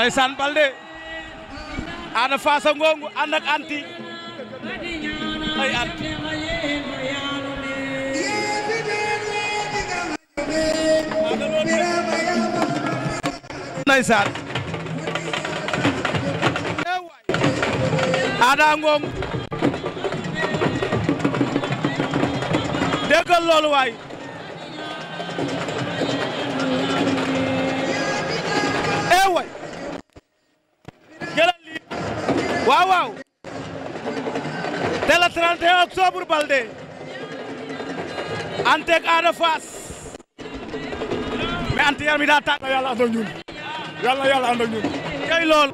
Ndeysaan Balde Ada Fass a ngongu ànd ak anti ay anti Ndeysaan Ada ngongu déggal waay Balde ak Soobuur Balde Anta ak Ada Fass mais Anta yaram yi daa tàng yàlla ànd ak ñun yàlla yàlla ànd ak ñun kay lool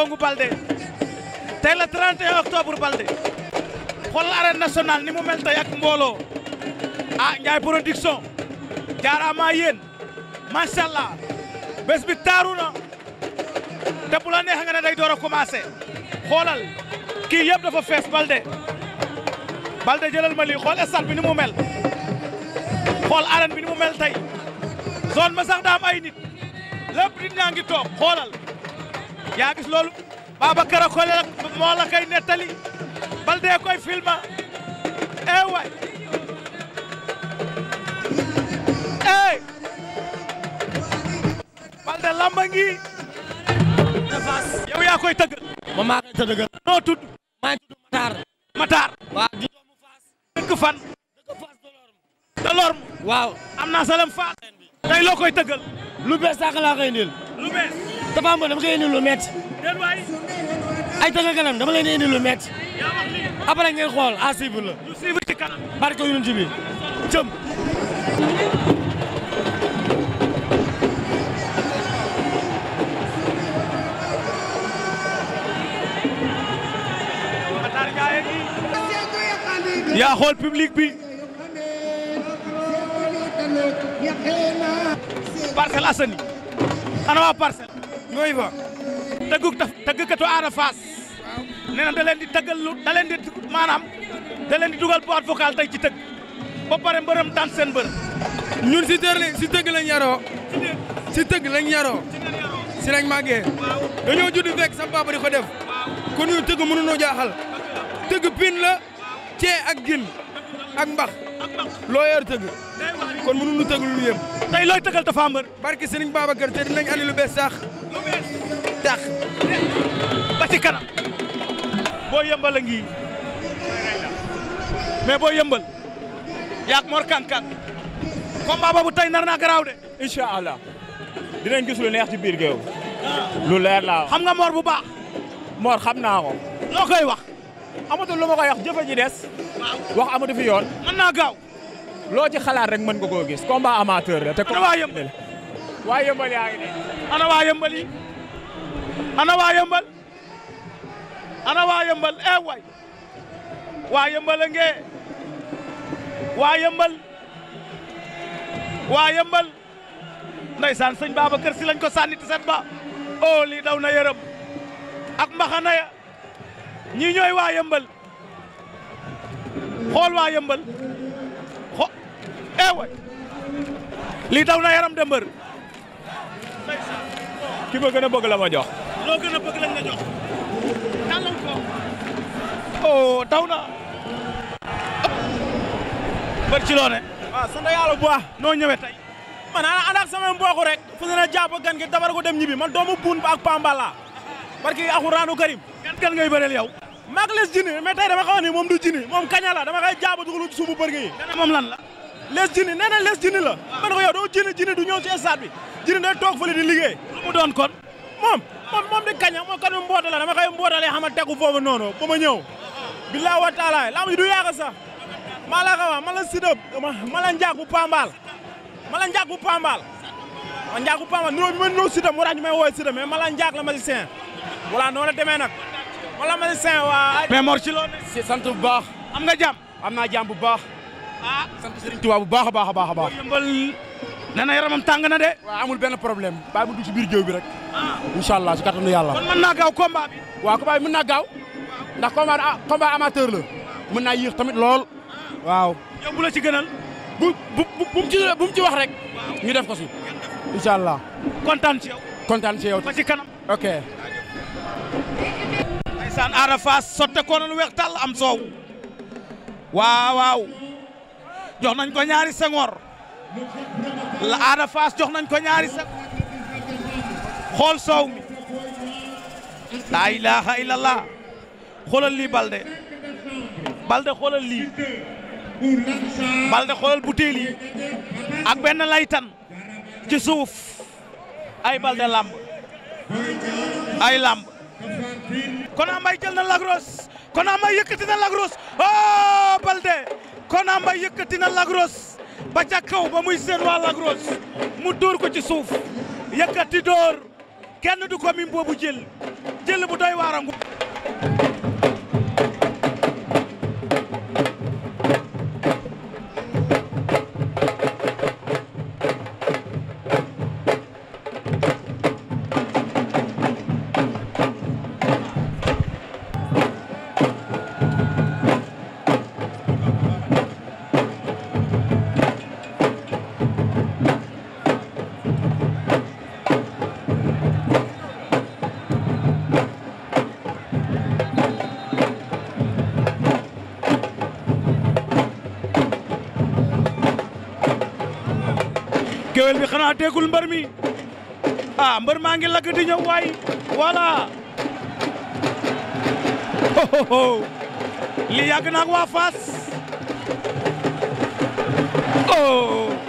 Ngongu Balde tey la 31 octobre Balde xool arène nationale ni mu mel tey ak mbooloo ah Ndiaye production jaaraama yéen macha allah bés bi taaru na te bu la ne day door a commencé xoolal kii yëpp dafa fees Balde Balde jëlal ma lii xool stade bi ni mu mel xool arène bi ni mu mel tey zone ma ay nit lépp nit ñaa toog xoolal. yaa gis loolu Babacar Akole moo la koy nettali Baldé koy filma eh waay eh Baldé lamba ngi yow yaa koy tëgg moom maa koy tëgg noo tudd maa ngi tudd waaw di doomu Faas dëkk fan dëkk Faas Delorme Delorme waaw am naa salam Faas tey loo koy tëggal lu bees sax laa koy indil lu bees Tapha Mbeur dama koy indi lu métti ay tànga kanam dama leen indi lu métti après ngeen xool à suivre la barke yu ñu ci bi yaa xool public bi Parcelles Assainies ana waa Parcelles nooy va. tëggu tëggkatu Ada Fass. waaw nee na da di tëggal lu da leen di maanaam da leen di dugal boîte vocale tey ci tëgg ba pare mbërëm tant seen mbër. ñun si tër si tëgg lañ yaroo. si tëgg lañ yaroo. si lañ màggee. dañoo judd fekk sa papa di ko def. kon ñu tëgg mënuñoo jaaxal. tëgg pin la cee ak gin ak mbax. loo yor tëgg kon mënuñu tëgg lu yem tey looy tëggal Tapha Mbeur barki Serigne Babacar te dinañ andi lu bees sax lu tax ba ci kanam boo yëmbal a ngi mais boo yëmbal yaak Mor Kankan combat boobu tey nar naa garaaw de incha allah dinañ gis lu neex ci biir géew ah. lu leer laa xam nga Mor bu baax Mor xam naa ko wax amatul lu ma koy wax ji des. wax amatu fi yoon. mën naa gaaw. loo ci xalaat rek mën ko koo gis combat amateur la te. ana waa yëmbal waa yëmbal yaa ne. ana waa yëmbal yi. ana waa yëmbal. ana waa yëmbal eh waa yëmbal waa yëmbal. waa yëmbal. ndeysaan sëñ Babacar lañ ko sànni ti set ba. oh lii na yërëm. ak mbaxana ñii ñooy waa yëmbal xool waa yëmbal xo eewa eh lii daw na yaram de ki ma bëgg la ma jox. loo gën a bëgg lañ la jox. tàllal ko. oh taw na. bër ci loone. waaw ah, sant noo ñëwee tey. man ànd ak sama mbokk rek. fu ñu la jàpp gan gi ko dem ñibbi man doomu buun ba ak Pambal barki axuraanu karim. gan gan ngay bëreel yow. maa ngi jini mais dama xaw moom du jini moom kaña la dama koy jaaba dugalu suufu bërg yi dana moom lan jini nee na les jini ah. ko yow doo jini jini du ñëw ci stade jini day toog fële di liggéey lu mu doon moom moom di kaña moom kan mboota dama koy mbootalee xama tegu foofu noonu ba ma ñëw billaa du yaaga sax maa la xawa ma la njaag bu pambaal ma njaag bu pambaal ma njaag bu pambaal nuroo njaag la magicien voilà noonu la demee wala ma ne Saint waa. mais Mor ci si sant bu baax. am na jàmm. am naa jàmm bu baax. ah sant bu baax a baax a baax a baax. yëmbal nee na yaramam tàng na de. waaw amul benn problème baa mu dugg ci biir géew bi rek. Ah. incha allah ci kattanu yàlla. kon mën naa gaaw combat bi. waa combat bi mën naa gaaw. ndax combat ah, combat amateur la. mën naa yéex tamit lool. Ah. waaw. yow bu la ci gënal. bu bu bu mu ci bu mu ci wax rek. ñu def ko si. incha allah. kontaan ci yow. kontaan ci yow. ba ci kanam. ok. ndeysaan Ada Fass sotte ko na lu weex tàll am soow waawaaw jox nañ ko ñaari sengoor la Ada jox nañ ko ñaari sengoor xool soow mi laa ilaha illallah xoolal lii balde balde xoolal lii balde xoolal butéel yi ak benn laytan ci suuf ay balde làmb ay làmb Kona Mbaye jël na Lac Rose Kona Mbaye yëkkati na Lac Rose oh Balde Kona Mbaye yëkkati na Lac Rose ba ca kaw ba muy seen waa mu dóor ko ci suuf yëkkati dóor kenn du ko min boobu jël jël bu doy waarangu teekul mbër mi ah mbër maa ngi lakk di ñëw waay voilà li yàgg na ak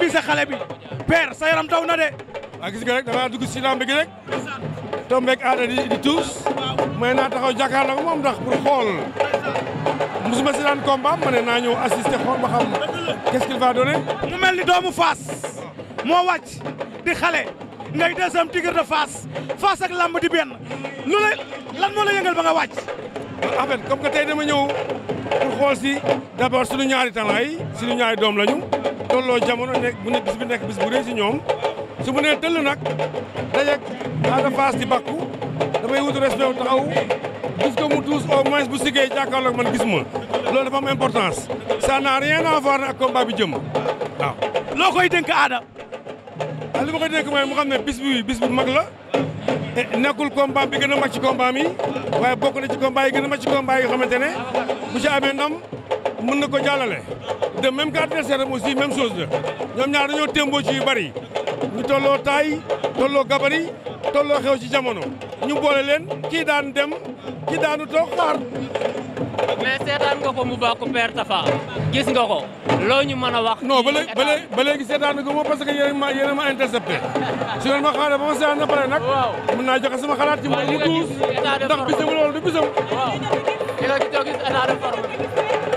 déstabiliser xale bi père sa yaram daw na de. waa gis nga rek damaa dugg si lamb gi rek. tombeeg aada di di tuus. may naa taxaw jàkkaarloo ko moom ndax pour xool. musuma si daan combat ma ne naa ñëw assister xool ce qu'il va donner. mu mel ni doomu Fass moo wàcc di xale ngay deuxième tigre de Fass Fass di benn lu la lan moo la yëngal ba nga wàcc. en fait comme que tey dama ñëw pour xool si d'abord suñu ñaari talent si suñu ñaari doom lañu. tolloo jamono nekk bu nekk bis nekk bis bu rëy si ñoom su mu nee tëll nag dajeeg Ada Fass di bakku damay wut respect wu taxaw gis ko mu tuus au moins bu siggee jàkkaarloog man gis ma loolu dafa am importance ça n'a rien à voir ak combat bi jëm waaw. loo koy dénk Ada. ah li ma koy dénk mooy mu xam ne bis bi bis bu mag la eh, nekkul combat bi gën a mag ci combat mi waaye bokk na ci combat yi gën a mag ci combat yi xamante ne bu ci amee ndam mën na ko jàllale. de même que adversaire am aussi même chose la ñoom ñaar dañoo témboo ci bari ñu tolloo taay tolloo gabari tolloo xew ci jamono ñu boole leen kii daan dem kii daanu toog xaar. mais seetaan nga ko mu bokk Père Tapha gis nga ko loo ñu a wax. non ba léegi ba léegi seetaan nga ko parce que ma yéen ma intercepté ma xaaree ba ma seetaan na pare nag. waaw mën naa joxe sama xalaat ci moom mu tuus. ndax bisamu loolu du bisam. waaw ci gis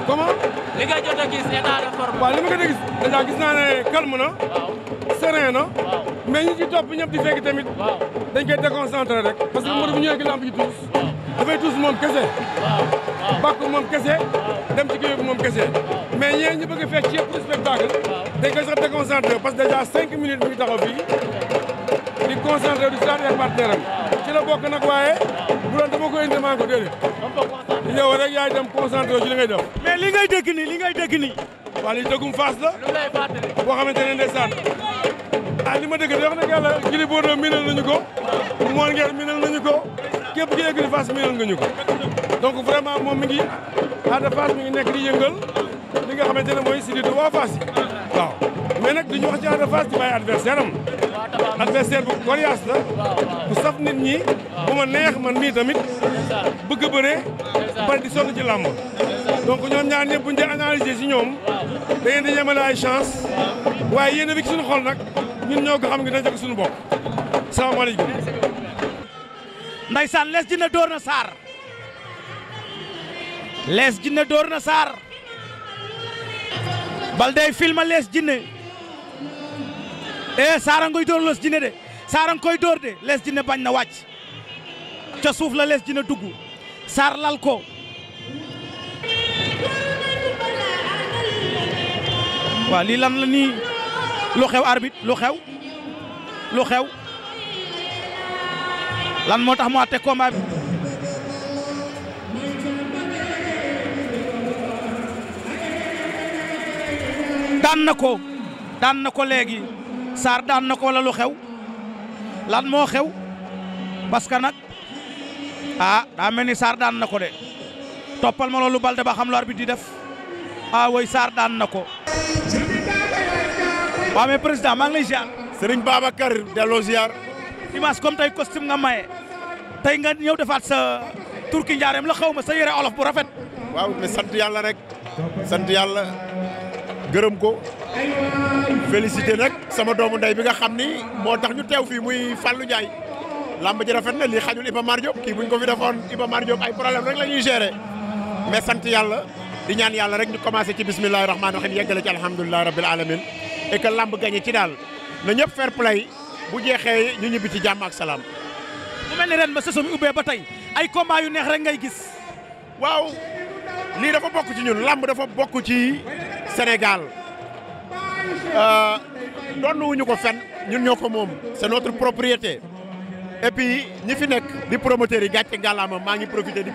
li nga jot a gis état de forme. waaw li ma jot a gis dèjà gis naa ne calme na. serein ñi ci topp ñëpp di fekk tamit. dañ koy déconcentré rek. parce que mbir bu ñëwee ki lamb ji tuus. dafay tuus moom kese. bàkk moom kese. dem ci kii moom kese. mais ñeen ñi bëgg a fekk ci yëpp pour spectacle. dañ koy que dèjà bi ñu taxaw di concentré du stade ak am ci la bokk nag waaye bu doon dama ko indi maa ko déedéet yow rek yaay dem concentré ci li ngay def mais li ngay dégg nii li ngay dégg nii waa li boo xamante ne ndeysaan ah li ma dégg de wax dëgg yàlla Gris Bordeaux miinal nañu ko Mor Ngel miinal nañu ko képp ki écurie Fass miinal nga ñu ko donc vraiment moom mi ngi Ada Fass mi ngi nekk di yëngal li nga xamante ne mooy si didu waa Fass yi waaw mais nag duñu ci Ada Fass di bàyyi adversaire am adversaire bu bu saf nit ñi bu ma neex man mii tamit bëgg a bëree bari di sonn ci làmb donc ñoom ñaar ñëpp buñ dee analyser si ñoom da ngeen di yemale ay chance waaye yéen a bi ci suñu xol nag ñun ñoo ko xam ngi dañ jak suñu bopp salaamaaleykum ndaysaan lees dina dóor na saar lees dina dóor na saar bal day filma lees dina ee eh, saara ngoy dóor lees dina de saara koy dóor de lees dina bañ na wàcc ca suuf la lees dina dugg saar lal ko waa lii lan la nii lu xew arbitre lu xew lu xew lan moo tax mu àtte combat bi. daan na ko daan na ko léegi Sarr daan na ko wala lu xew lan moo xew parce que nag a ah, daa mel ni Sarr daan na ko de toppal ma loolu balde ba xam lu arbitre bi di def ah woy Sarr daan na ko. waa mais président maa ngi lay ziar. Serigne Babacar delloo ziar. dimanche comme tey costume nga maye tey nga ñëw defaat sa turki njaareem la xaw ma sa yére olof bu rafet. waaw mais sant yàlla rek sant yàlla gërëm ko félicité nag sama doomu ndey bi nga xam ni moo tax ñu teew fii muy Fallou Ndiaye làmb ji rafet na lii xajul Iba Mar Diop kii buñ ko fi defoon Iba Mar Diop ay problème rek la ñuy gérer mais sant yàlla di ñaan yàlla rek ñu commencé ci bismillahi rahmaani rahim yeggale ci alhamdulilahi rabbil alamin et que làmb gagné ci daal na bu jeexee ñu ñibbi ci jàmm ak salaam. bu mel ni ren ba tey ay combat yu neex rek ngay gis. waaw lii dafa bokk ci ñun làmb dafa bokk ci Sénégal euh, donnuwuñu ko fen ñun ñoo ko moom c'est notre propriété. et ñi fi nekk di promoteurs yi gàcce ngàllaama maa ngi profité di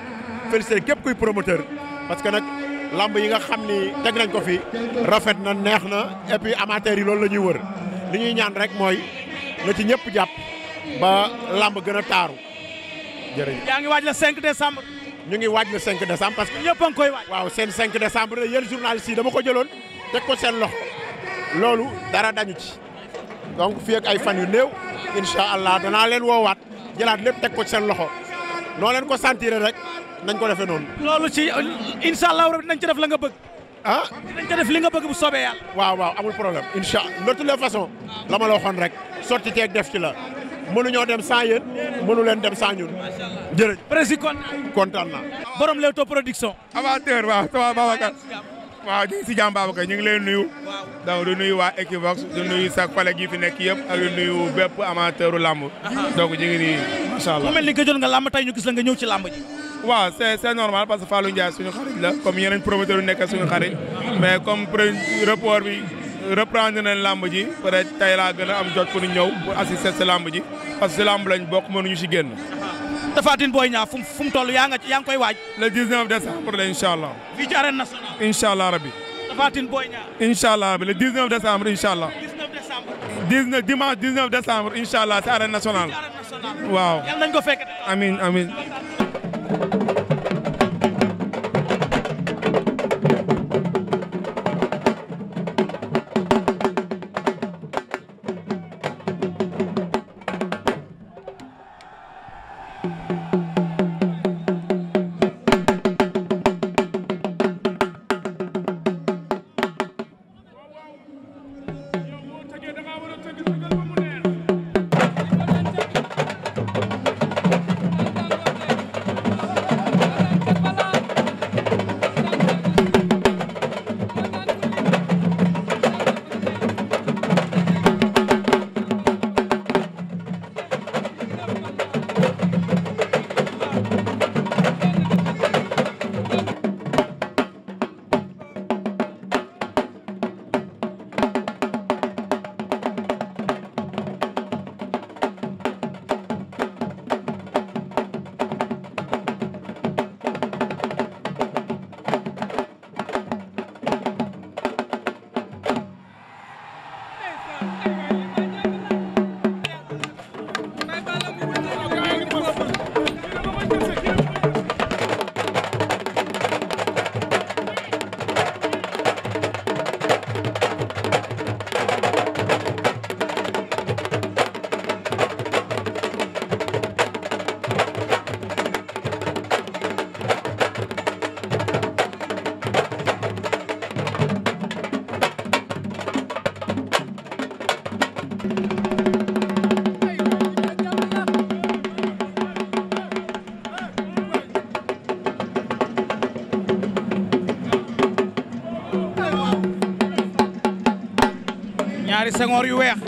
féliciter képp kuy promoteur parce que nag làmb yi nga xam ni teg nañ ko fi rafet na neex na et puis yi loolu la ñuy wër li ñuy ñaan rek mooy. na ci ñëpp jàpp ba làmb gën a taaru jërëjëf. yaa ngi waaj la 5 décembre. ñu ngi waaj la 5 décembre parce que. ñëpp a ngi koy waaj. waaw seen 5 décembre yéen journaliste yi dama ko jëloon teg ko seen loxo loolu dara dañu ci donc ay fan yu néew incha allah danaa leen woowaat jëlaat lépp teg ko seen loxo noo leen ko sentir rek nañ ko defee noonu. loolu ci incha allah dinañ ci def la nga bëgg. ah. dañ ko def li nga bëgg bu soobee yàlla. waaw waaw amul problème incha allah de toutes les façons la ma la waxoon rek sotti teeg def ci la mënuñoo dem sans yéen mënu leen dem sans ñun. jërëjëf président kontaan a borom Leewtoo production. amateur waaw sama Babacar. waaw ñu ngi si jàmm Babacar ñu ngi la nuyu. donc du nuyu waa Equivox du nuyu sa collègue yi fi nekk yëpp ak du nuyu bépp amateuru làmb. donc ji ngi nii macha allah. mu mel ni gëjoon nga làmb tey ñu gis nga ñëw ci làmb ji. waaw c' est c' est que Fallou Ndiaye suñu xarit la comme yeneen promoteur suñu xarit. mais comme report bi reprendre nañ làmb ji peut a am jot pour ñëw pour assister si làmb ji parce que si làmb lañ bokk mënuñu ci génn. Tapha Tine Boy Niang fu mu fu mu toll yaa nga yaa ngi koy waaj. le 19 décembre la incha allah. fii ci arène nationale. incha allah rabi. Tapha Tine Boy Niang. incha allah rabi le 19 décembre incha allah. 19 décembre. 19 dimanche 19 décembre incha allah ci arène nationale. waaw yal nañu ko fekk. amiin amiin. sengoor yu weex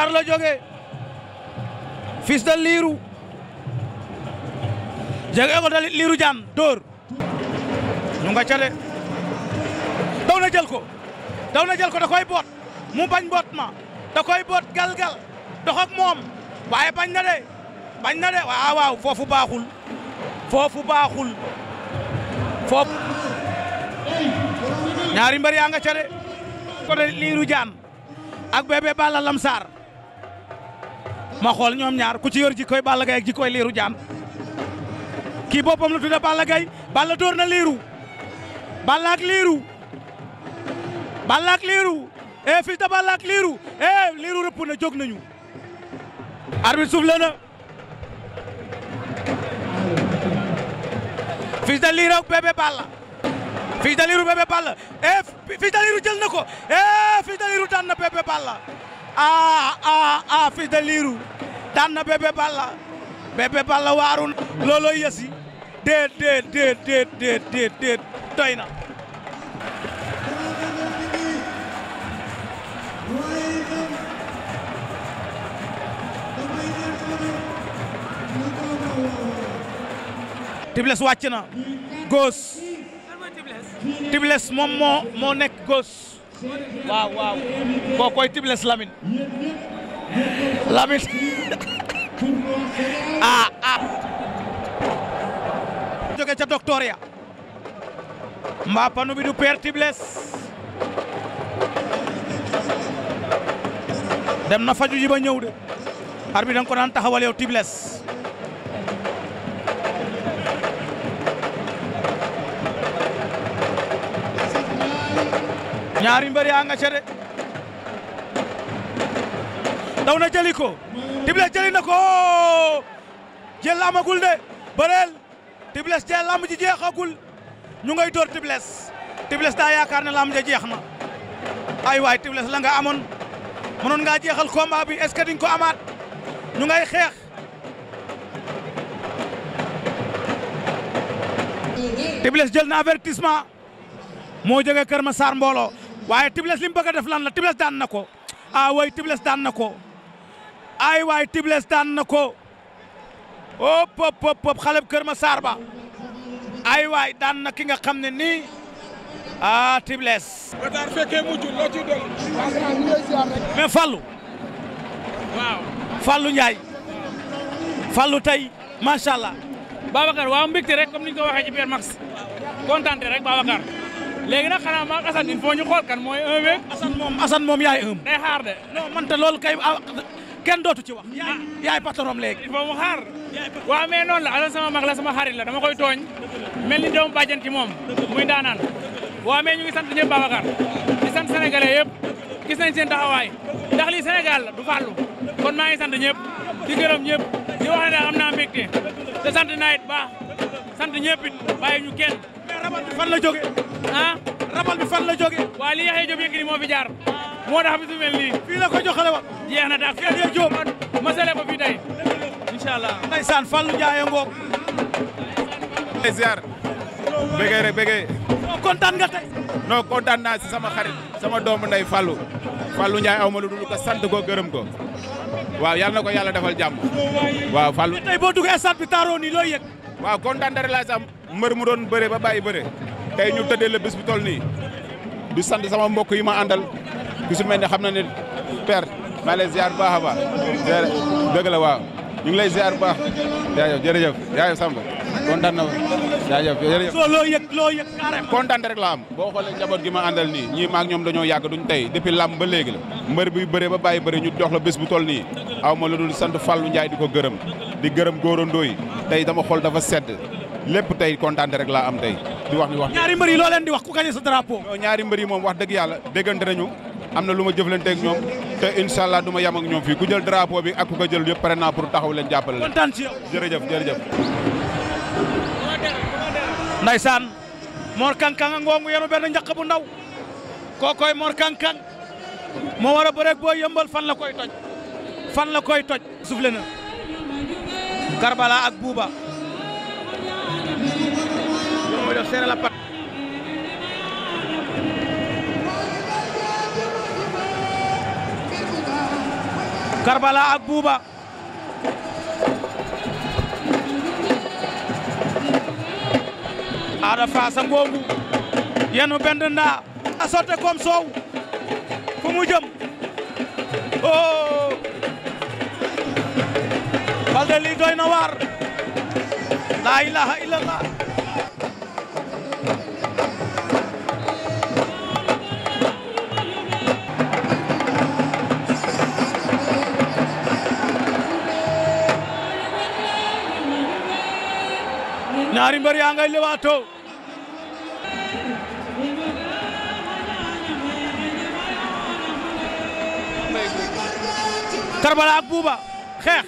Dakar la jóge fils de Lirou jóge école de Lirou dóor ñu nga ca de daw na jël ko daw na jël ko da koy boot mu bañ boot ma da koy boot galgal dox moom waaye bañ na de bañ na de waaw waaw foofu baaxul foofu baaxul foofu ñaari mbër yaa de ko de Lirou Diane ak bébé Balla Lamsar ma xool ñoom ñaar ku ci yor jikkoy Balla Gaye ak jikkoy Lirou Diane kii boppam la tudda Balla Gaye Balla door na Lirou Balla ak Lirou Balla ak Lirou eh fils Balla ak Lirou eh Lirou rëpp na jóg nañu. arbitre soufflé na fils de Lirou Balla fils de eh, jël na ko eh fils de Lirou na bébé Balla. ah ah ah fils de Lirou daan na Bébé Balla Bébé Balla waaru looloo yësi déet déet déet déet déet déet déet doy na Tibles wàcc na gauche Tibles moom moo nekk gauche waaw waaw boo koy tibles Lamine Lamine ah ah ca docteur ya mbaa panu bi du père tibles dem na faju ba ñëw de arbi danga ko daan taxawal yow tibles ñaari mbër yaa nga ca de daw na jëli ko Tibles jëli na ko jël la amagul de bëreel Tibles jël lamb ji jeexagul ñu ngay door Tibles Tibles daa yaakaar ne lamb ja jeex na ay waay Tibles la nga amoon mënoon ngaa jeexal combat bi est-ce que diñ ko amaat ñu nga ngay xeex Tibles jël na avertissement moo jóge Kër ma Massar mbooloo waaye Tibles li mu def lan la Tibles daan na ko ah way Tibles daan na ko ay waay Tibles daan na ko hop hop hop xale bu Kër ba ay waay daan na ki nga xam ne nii ah Tibles. Matar fekkee mujj loo ciy doon. mais Fallou. waaw Fallou Ndiaye. Fallou tey macha allah. Babacar waaw mbégte rek comme ni ñu ko waxee ci biir max kontaan rek léegi nag xanaa maag asan il faut ñu xool kan mooy un beeg. Assane moom Assane moom yaay un. day xaar de. non man te loolu kay ah, kenn dootu ci wax. yaay patron léegi. il faut mu xaar. waaw mais noonu la Assane sama mag la sama xarit la dama koy tooñ. mel ni doomu bàjjen ci moom. muy daanaan. waaw mais ñu ngi sant ba Babacar. di sant sénégalais yëpp. gis nañ seen taxawaay. ndax lii Sénégal la du fàllu. kon maa ngi sant ñëpp. di gërëm ñëpp. di wax ne daal naa mbégte. te sant naa it baax. sant ñëpp it rabal bi fan la jógee. ah rabal bi fan la jógee. waaw li Yaxya Jóob Yékini moo fi jaar. moo tax bisu mel nii. fii la ko joxale woon. jeex na daal fii ak Jóob masale fii tey. incha allah ndeysaan Fallou Ndiaye ngoog. ay ziar. bëggee rek bëggee. non kontaan nga tey. non kontaan naa si sama xarit. sama doomu nday Fallou. Fallou Ndiaye aw ma lu dul ko sant ko gërëm ko. waaw yal ko yàlla defal jàmm. waaw Fallou. tey boo duggee stade bi taaroo nii looy waaw kontaan dara laa sam mbër mu doon bëre ba bàyyi bëre tey ñu tëddee la bés bu toll nii du sant sama mbokk yi ma àndal ku su xam na ne père maa lay ziar bu baax a baax ñu ngi lay ziar bu baax jaajëf jërëjëf jaajëf Samba kontaan na jaajëf jërëjëf soo loo yëg loo yëg kontaan rek la am boo xoolee njaboot gi ma àndal nii ñii maak ñoom dañoo yàgg duñ tey depuis làmb ba léegi la mbër bi bëree ba bàyyi bëri ñu dox la bés bu toll nii aw ma lu dul sant Fallou njaay di ko gërëm di gërëm góorandoo yi tey dama xol dafa sedd lépp tey kontaan rek laa am tey di wax ni wax ñaari mbër yi loo leen di wax ku gañe sa drapeau ñaari mbër yi moom wax dëgg yàlla déggante nañu am na lu ma jëflanteeg ñoom te incha allah du ma yem ak ñoom fii ku jël bi ak ku ko jël yëpp pare naa pour taxaw leen jàppale leen. jërëjëf jërëjëf. ndaysaan Mor Kankang ak Ngongu yenu benn njaq bu ndaw kookoy Mor Kankang moo war a boo yëmbal fan la koy toj fan la koy toj soufflé na Karbala ak Bouba Ada Fass a yenu benn ndaa a sotte comme soow fu mu jëm oh lii doy na waar la ilaha illallah ñaari mbër yaa ngay lewaatoo Karbala ak Buuba xeex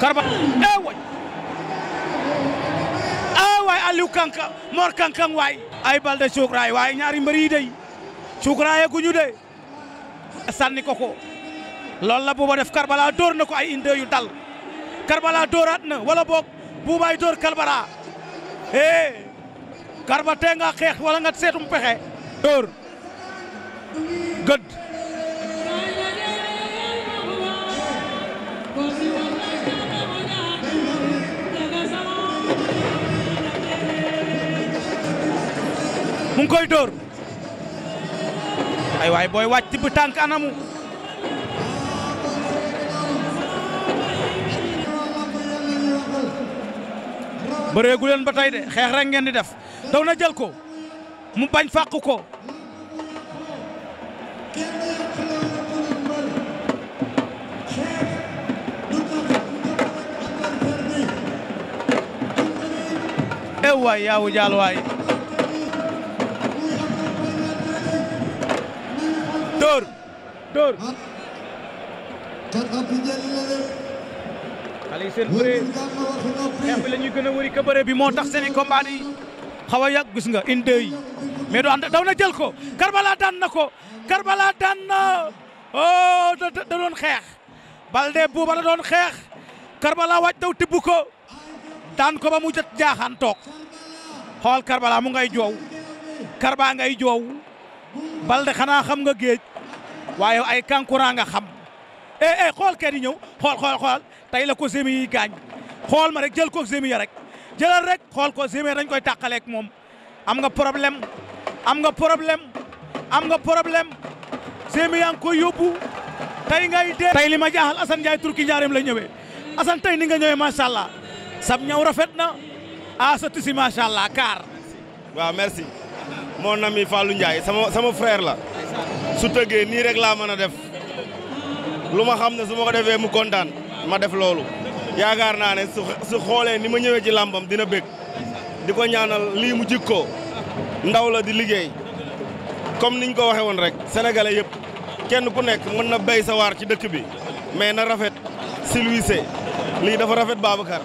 Karbala ee eh waay ee eh waay Aliou Kanka Mor Kankang waay ay Balde Cukraay waaye ñaari mbër yi dey Cukraay ku ñu de sànni ko ko loolu la Buuba def Karbala dóor na ko ay inde dal Karbala dooraat na wala boog buubaay door Karbala eh Karba tee nga xeex wala nga seetum pexe door gëdd mu koy door ay waay booy wàcc tibb tànk anamu bëreegu leen ba tay de xeex rek ngeen di def daw na jël ko mu bañ fàq ko ew eh waay yaawu jaal waay dóor dóor xale yi seen bëree xeex bi gën a wëri ka bi moo tax seen i combat xaw a yàgg gis nga une deux yi mais daw na jël ko Karbala daan na ko Karbala daan na oh, da doon xeex Balde buuba la doon xeex Karbala waaj daw tibb ko daan ko ba mu jot jaaxaan toog xool Karbala mu ngay joow Karba ngay joow Balde xanaa xam nga géej waaye ay kankurang nga xam eh eh xool kee di ñëw xool. tey la ko gémi yi gaañ xool ma rek jël ko gémi ya rek jëlal rek xool ko gémi dañ koy tàqaleeg moom am nga problème am nga problème am nga problème gémi yaa ngi koy yóbbu tey ngay dee tey li ma jaaxal Assane Ndiaye turki njaareem la ñëwee Assane tey ni nga ñëwee macha allah sab ñaw rafet na a sa tisi macha allah kaar waaw merci mon ami Fallou Ndiaye sama sama frère la su tëggee nii rek laa mën a def lu ma xam ne su ma ko defee mu kontaan ma def loolu yaakaar naa ne su su xoolee ni ma ñëwee ci làmbam dina bëgg di ko ñaanal lii mu jikkoo ndaw la di liggéey comme niñ ko waxee woon rek sénégalais yëpp kenn ku nekk mën na bay sa waar ci dëkk bi mais na rafet silwise lii dafa rafet Babacar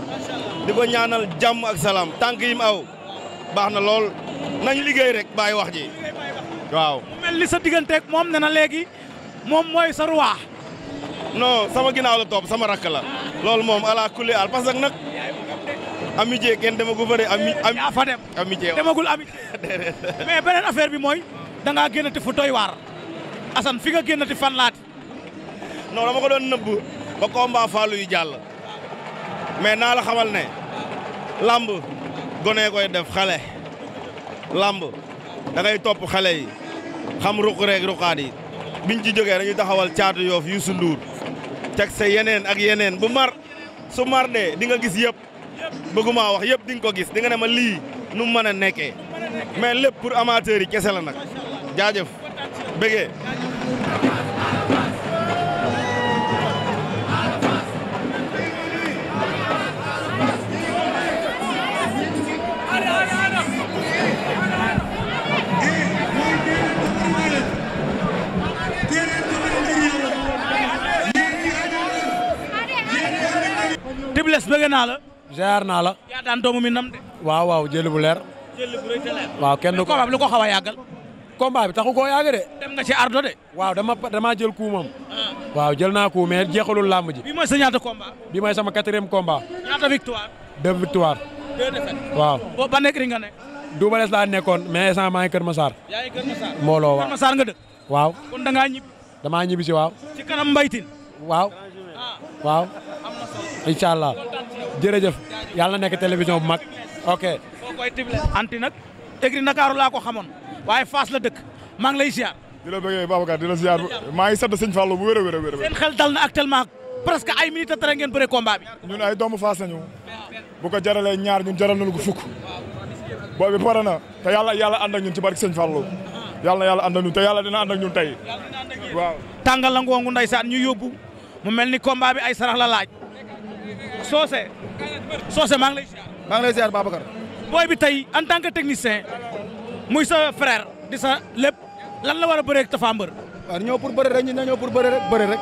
di ko ñaanal jàmm ak salaam tànk yim aw baax na lool nañ liggéey rek bàyyi wax ji waaw. mel li sa digganteeg moom ne na léegi moom mooy sa ruwaa non sama ginaaw la topp sama rakk loolu moom ala kulli al parce que nag amitié kenn demagul fa de ami yaa fa dem amitié demagul amitié affaire bi mooy da ngaa génnati fu doy waar Assane fi nga génnati fan laati non dama ko doon nëbb ba combat fallu yu jàll mais naa la xamal ne lamb gone koy def xale lamb da ngay topp xale yi xam ruq reeg ruqaat yi biñ ci jógee dañuy taxawal caatu yoof Youssou Ndour teg sa yeneen ak yeneen bu mar su mar dee di nga gis yëpp bëgguma wax yëpp di ko gis di nga ne ma lii nu mu mën a nekkee mais lépp pour amateurs yi kese la nag jaajëf bëggee Ibles bëgg naa la. jaar naa la. yaa daan doomu mi nam de. waaw waaw jëli bu leer. jëli bu rëy te leer. waaw kenn du ko lu ko xaw a yàggal. bi taxu koo yàgg dem nga ci ardo de. waaw dama damaa jël kuumam. Ah. waaw jël naa kuum mais jeexalul làmb ji. bii mooy sa ñaata combat. bii mooy sama quatrième combat. ñaata victoire. deux victoire. deux défaites. waaw. boo ba nekk ri nga nekk. Double Less laa nekkoon mais instant maa ngi Kër Masar. yaa ngi Kër Mbooloo waaw Kër ñibbi. si waaw. ci kanam mbaytin waaw. waaw incha allah jërëjëf yàlla nekk télévision bu mag ok. boo koy tibbale anti nag écrit laa ko xamoon waaye faas la dëkk maa ngi lay ziar. di la bëggee Babacar di maa ngi sant sëñ Fallou bu wér a wér a wér. seen xel dal na actuellement presque ay minutes a tere ngeen bëre combat ñun ay doomu Fass nañu bu ko jaralee ñaar ñun jaral nañu ko fukk boobu pare na te yàlla yàlla ànd ak ñun ci barke sëñ Fallou yàlla yàlla ànd ak ñun te yàlla dina ànd ak ñun tey waaw. tàngal la ngoongu ndeysaan ñu yóbbu. mu mel ni combat bi ay sarax la laaj soose soose maa ngi lay ziar maa ngi lay booy bi tey en tant que technicien muy sa frère di sa lépp lan la war a bëree ak Tapha Mbeur waaw ñëw pour bëre rek ñu ñëw pour bëre rek bëre rek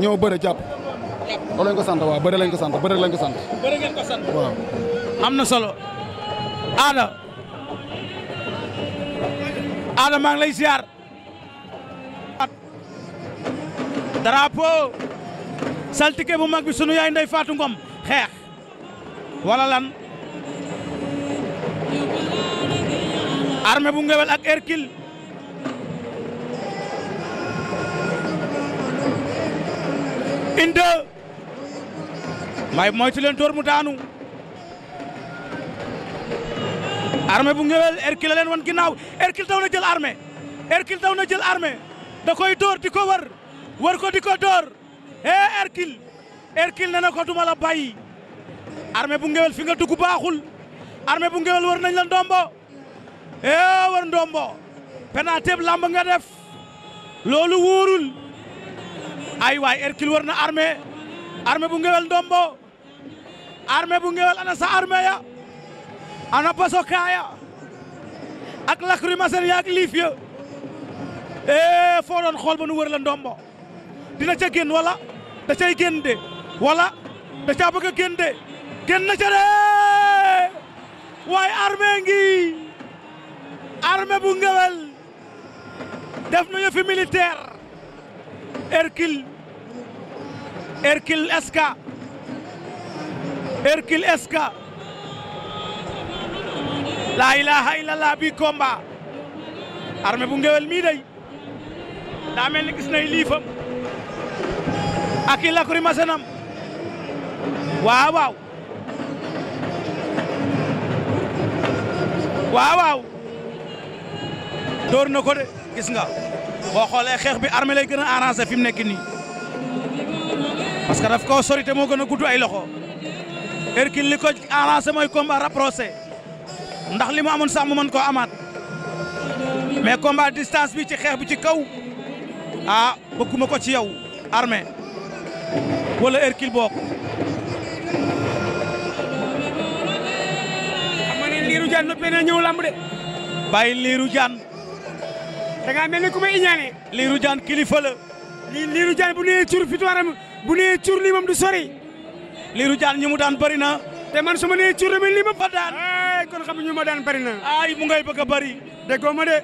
ñëw bëre jàpp loolu ko sant waa bëre lañ ko sant bëre lañ ko sant bëre ngeen am na solo aada aada maa ngi lay ziar drapeau saltike bu mag bi sunu yaay ndey Fatou Ngom xeex wala lan armée bu ngewel ak Hercule inde may moytu leen tóor mu daanu armée bu ngewel Hercule leen wan ginnaaw Hercule daw na jël armée Hercule daw na jël armée da koy dóor di ko wër war ko di ko door hee Hercule na ko duma la bàyyi armée bu ngewel fi nga baaxul armée bu ngewel war nañ la ndombo hee war ndombo penalty bi lamb nga def loolu wóorul ay waay Hercule na armée armée bu ngewel ndombo armée bu ngewel ana sa armée ya ana basokaaya ak lacrymogène yaak liif ya ee foo doon xool ba nu wër la ndombo dina ca génn wala da cay génn de wala da caa bëgg ca de waaye armée ngi armée bu def nañu fi militaire Hercule Hercule Esca Hercule Esca laa ilaha illallah bi combat armée bu mii day daa mel ni gis liifam ak i lacrymogenam waaw waaw waaw waaw na ko de gis nga boo xoolee xeex bi arme lay gën a arrangé fi mu nekk nii parce que daf koo sori te moo gën a gudd ay loxo Hercule li ko arrangé mooy combat rapproché ndax li mu amoon sax mu mën koo amaat mais combat distance bi ci xeex bi ci kaw ah bëgguma ko ci yow armé wala Hercule bokk. xam nga ne liiru jaan noppee na ñëw lamb de. bàyyi liiru jaan. da ngaa mel ni ku liiru jaan kilifa la. lii liiru jaan bu nee cur fitu bu nee cur lii moom du sori. liiru jaan ñi mu daan bari na. te man su ma nee cur dama lii ma fa daan. ay kon xam ñu ma mu ngay bëgg a bari. déggoo ma de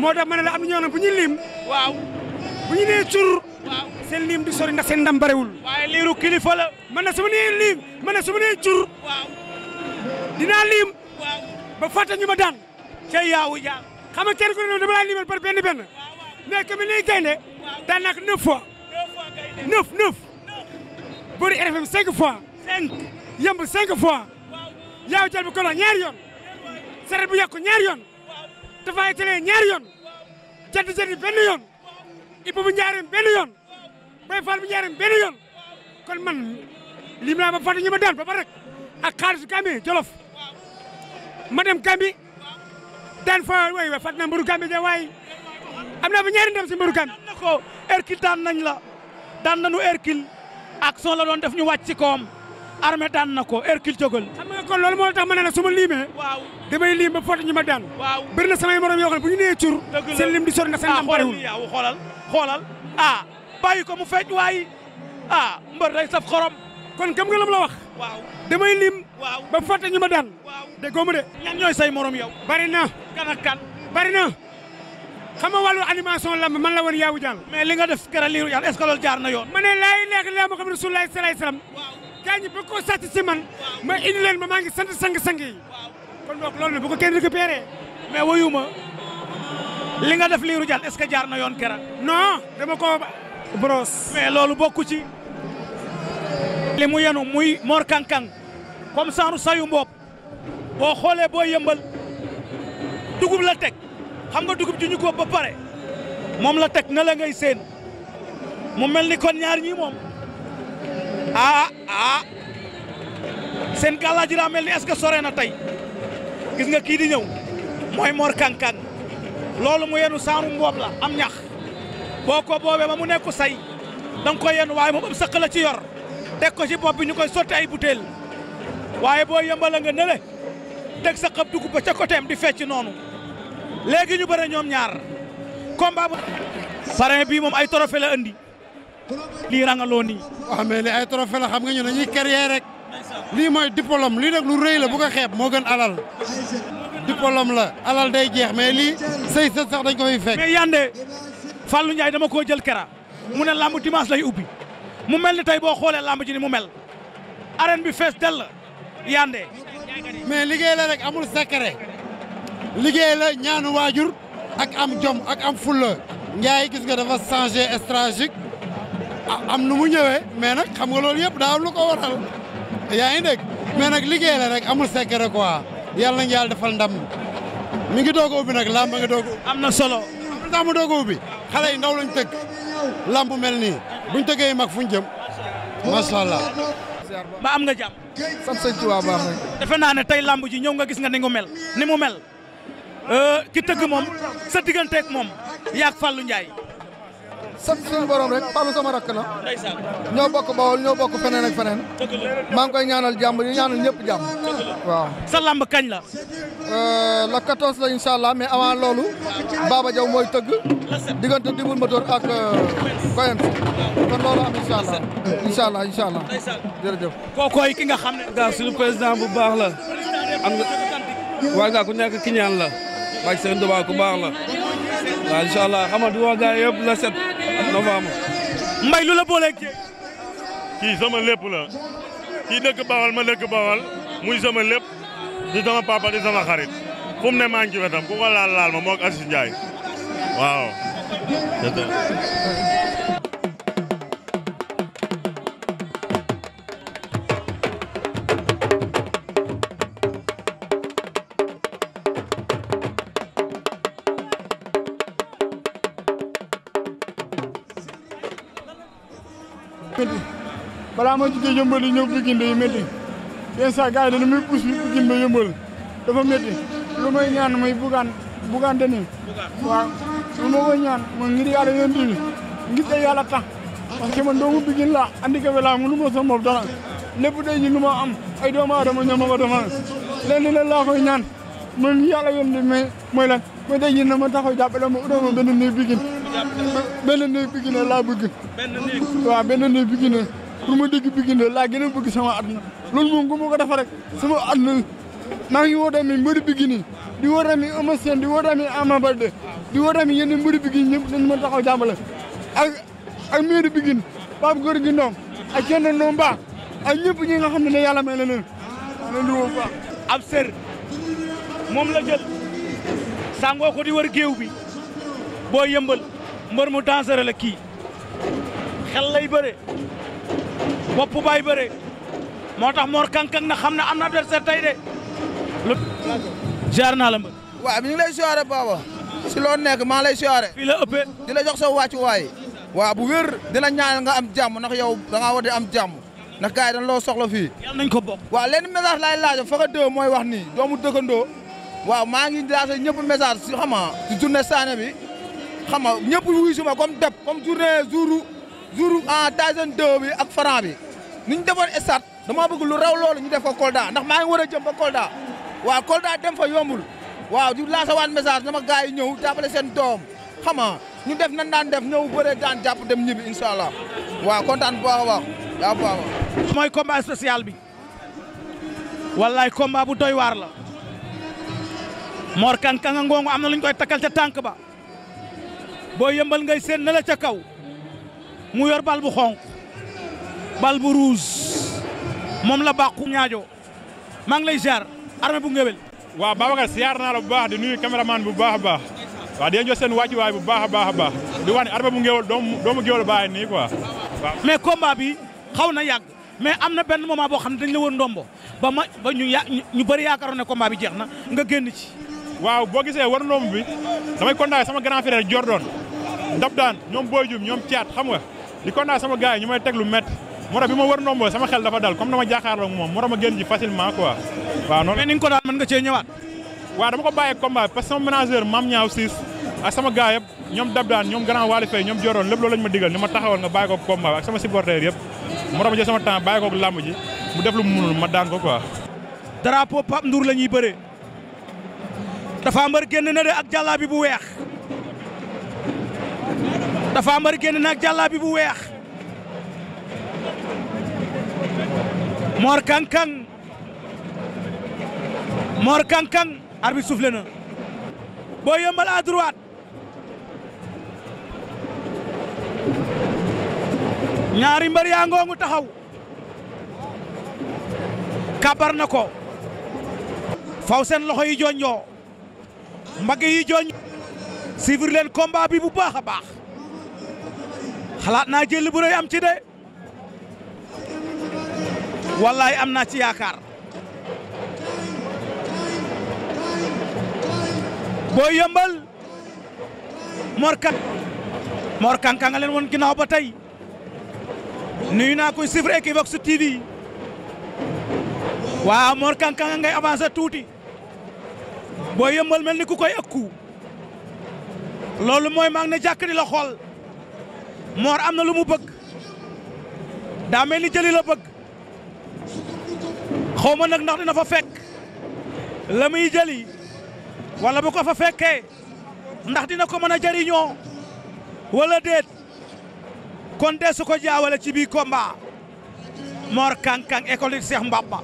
moo tax na ñoo xam bu ñu lim. waaw bu ñu nee seen liim du sori ndax seen ndam barewul. kilifa la. man na su ma nee liim man na su jur. waaw dinaa liim. waaw ba fàtte ñu ma daan. ca yaawu jaa. xam nga kenn ku dama laa liimal par benn benn. mais que mi lay gaynde. daan naa ko neuf fois. neuf fois gaynde cinq fois. cinq yemb cinq fois. yaawu jaa bi ko wax ñaari yoon. saret bu yàqu ñaari yoon. dafay tëlee ñaari yoon. jënd jënd benn yoon. Ibou bu Njaareem benn yoon Baye Fall bu Njaareem benn yoon kon man lim laa ba fàtte ñu ma daan ba ba rek ak xaalisu Gambie Jolof ma dem Gambie daan fa way wa fàtte naa mbaru Gambie de waaye am naa fa ñaari ndam si mbaru Gambie ko Hercule daan nañ la daan nañu Hercule action la doon def ñu wàcc ci koom armée daan na ko Hercule Diogal xam kon loolu moo tax ma ne la su ma liimee waaw damay liim ba foota ñu ma daan waaw bëri na samay morom yoo xam ne bu ñu nee cur seen lim di sori ndax seen ndam ah, bariwul ah, xoolal xoolal ah bàyyi ko mu feeñ waaye ah mbër day saf xorom kon gëm nga lam la wax waaw damay waaw ba foota ñu ma daan déggoo ma de ñan ñooy say morom yow bari na kan ak kan bari na xam nga wàllu animation lamb man la woon yaawu jàll mais li nga def kera liiru jàll est jaar na yoon ma ne laay leeg laa gaa ñi ba ko sàcc ma indi leen ma maa sant sang-sang yi kon donc loolu ne bu ko kenn récupéré mais wayuma li nga def liiru jàll est-ce que jaar na yoon keroog. non dama ko brosse. mais loolu bokku ci li mu yenu muy Mor Kankang comme saaru sayu mboob boo xoolee boo yëmbal dugub la teg xam nga dugub ji ko ba pare moom la teg na la ngay seen mu mel ni kon ñaar ñii moom ah ah seen gàllaji daa mel ni est que sore na tey gis nga kii di ñëw mooy Mor Kankang loolu mu yenu saaru mboob la am ñax boo ko boobee ba mu nekku say danga ko yenu waaye moom ab sëq la ci yor teg ko ci bopp bi ñu koy sotti ay butéel waaye boo yëmbala nga nële teg sa xab dugub ba ca côté am di fecc noonu léegi ñu bëre ñoom ñaar combat bu parrain bii moom ay trophée la andi lii rangaloo nii. waaw mais li ay trophée la xam nga ñu dañuy carrière rek. lii mooy diplôme lii nag lu rëy la bu ko xeeb moo gën alal. diplôme la alal day jeex mais lii sëy sët sax dañ ko fiy fekk. mais Yandé Fallou Ndiaye dama koo jël kera mu ne làmb dimanche lay ubbi mu mel ni tey boo xoolee làmb ji ni mu mel. arène bi fees dell Yandé. mais liggéey la rek amul secret. liggéey la ñaanu waajur ak am jom ak am fulla Ndiaye gis nga dafa changé stratégie. Ah, am nu mu ñëwee mais nag xam nga loolu yëpp daa am lu ko waral yaa ngi dégg mais nag liggéey la rek amul secret quoi yàlla nañu yàlla defal ndam mi ngi doog a ubbi nag làmb nga doog am na solo am na doog a ubbi xale yi ndaw lañ tëgg làmb mel nii buñ tëggee mag fuñ jëm macha allah. ba am nga jàmm. sam sëñ defe naa ne tey làmb ji ñëw nga gis nga ni mu mel ni mu mel euh, ki tëgg moom sa digganteeg moom yaag Fallou Ndiaye. sant suñu borom rek Fallou sama rakk la ñoo bokk Bawol ñoo bokk feneen feneen maa ngi koy ñaanal jàmm di ñaanal ñëpp jàmm waaw. sa lamb kañ la. Euh, la 14 la incha allah mais avant loolu Baba Diaw mooy tëgg diggante Dibul Motor ak euh, Koyens kon loolu am incha allah incha allah incha allah kookooy ki nga xam ne. suñu président bu baax la am nga waaye ku nekk ki ñaan la waaye seen dubaay ku baax la. waaw incha allah xam nga di woo gars yëpp la set mbay lu la booleeg jéeg. kii sama lépp la kii dëkk Bawal ma dëkk Bawal muy sama lépp di sama papa di sama ne maa ngi ci wetam ku ko laal laal ma moog Aziz waaw. balaa ma jógee yëmbal yi ñëw Pikine day métti yenn saa gars yi dañu muy pousse Pikine ba yëmbal dafa métti lu may ñaan mooy bugaan bugaan deni waaw lu ma ñaan mooy ngir yàlla yéen bi ngir te yàlla tax parce que doomu Pikine laa handicapé laa mu lu ma sama bopp dara lépp day ji lu ma am ay doomu aadama ñoo ma ko defal lenn la laa koy ñaan man yàlla yéen bi mooy na ma taxaw jàppale ma udoo ma benn néeg Pikine benn néeg Pikine laa bëgg waaw benn néeg Pikine pour ma dégg Pikine la laa gën a bëgg sama àdduna loolu moom ku ma ko defa rek sama àdduna ngi woo tamit mbëri di woo tamit Eumeu Sène di woo tamit Ama Baldé di woo tamit yenn mbëri Pikine ñëpp dañu ma taxaw jàmbale ak ak mairie Pikine Pape Gor gi Ndong ak kenn Ndong baax ak ñëpp ñi nga xam ne ne yàlla may la leen leen la jël sàngoo ko di wër géew bi boo yëmbal mbër mu dangereux la kii xel lay bëre bopp bay bëre moo tax Mor Kankang na xam na am na adversaire tey de. jaar naa la mbër. waaw ñu ngi lay siyaare baba si loo nekk maa lay si fii la ëppee. di la jox sa wàccuwaay. waaw bu wér di la nga am jàmm ndax yow da ngaa war am jàmm ndax gars yi loo soxla fii. yàlla nañ ko bokk. waaw lenn message laaj fa nga dëw mooy wax nii doomu dëkkandoo. waaw maa ngi laajte ñëpp message si xam nga si journée bi xam ñëpp wuyu si ma comme deb comme journée jouru jour ah Tyson 2 bi ak Franc bi ni ñu defoon stade dama bëgg lu raw loolu ñu def ko Kolda ndax maa ngi war a jëm ba Kolda waaw Kolda dem fa yombul waa ju lancer waat message dama gars yi ñëw jàppale seen doom xam ñu def nan daan def ñëw bëre daan jàpp dem ñibbi incha allah waaw kontaan bu baax a mooy combat spécial bi wallaay combat bu doy waar la Mor Kang Kang am na lu ñu koy takkal ca tànk ba boo yëmbal ngay seen na ca kaw mu yor bal bu xonq bal bu rouge moom la bàqu ñaajo maa ngi lay ziar armée bu ngewel waaw Babacar siyaar naa la bu baax di nuyu caméraman bu baax a baax waa di leen jox seen wàccuwaay bu baax a baax a baax di wax ne armée bu ngewel doomu doomu gewel bàyyi nii quoi mais combat bi xaw na yàgg mais am na benn moment boo xam ne dañ la woon ndombo ba ma ba ñu ya ñu bëri yaakaaroon ne combat bi jeex na nga génn ci waaw boo gisee war ndomb bi damay kontaan sama grand frère Jordan daan ñoom Boy ñoom Thiat xam nga di kontaan sama gars yi teg lu métti moo tax bi ma wër ndombo sama xel dafa dal comme dama jàkkaarloo moom moo tax ma génn ci facilement quoi waaw noonu mais ni ko daal mën nga cee ñëwaat waaw dama ko bàyyee combat parce que sama manager Mame Niaw Ciss ak sama gars yëpp ñoom Dabdaan ñoom Grand Wali Faye ñoom Joroon lépp loolu lañ ma digal ni ma taxawal nga bàyyi ko combat ak sama supporter yëpp moo tax ma jël sama temps bàyyi ko làmb ji mu ko quoi drapeau Pape Ndour la ñuy bëree dafa mbër génn na de ak jàllaa bi bu weex Tapha Mbeur génn na ak jàllaabi bu weex Mor Kang Kang Mor Kang Kang arbitre soufflé na Boy Yeumbeul à droite ñaari mbër yaa ngoongu taxaw kabar na ko faw seen loxo yi jooññoo mbagg yi jooñ suivre leen combat bi bu baax a baax xalaat naa jël bu am ci de wallaay am naa ci yaakaar boo yëmbal Mor Kan Mor Kan ka nga ba tey nuyu naa koy suivre Equivox TV waaw Mor Kan ka nga ngay avancer tuuti boo yëmbal mel ni ku koy ëkku loolu mooy maa ne jàkk di la xool Mor am na lu mu bëgg daa mel ni jëli la bëgg xawma ma nag ndax dina fa fekk la muy jëli walla bu ko fa fekkee ndax dina ko mën a jëriñoo walla déet kon de su ko jaawale ci biir combat Mor Kang Kang école Cheikh Mbaba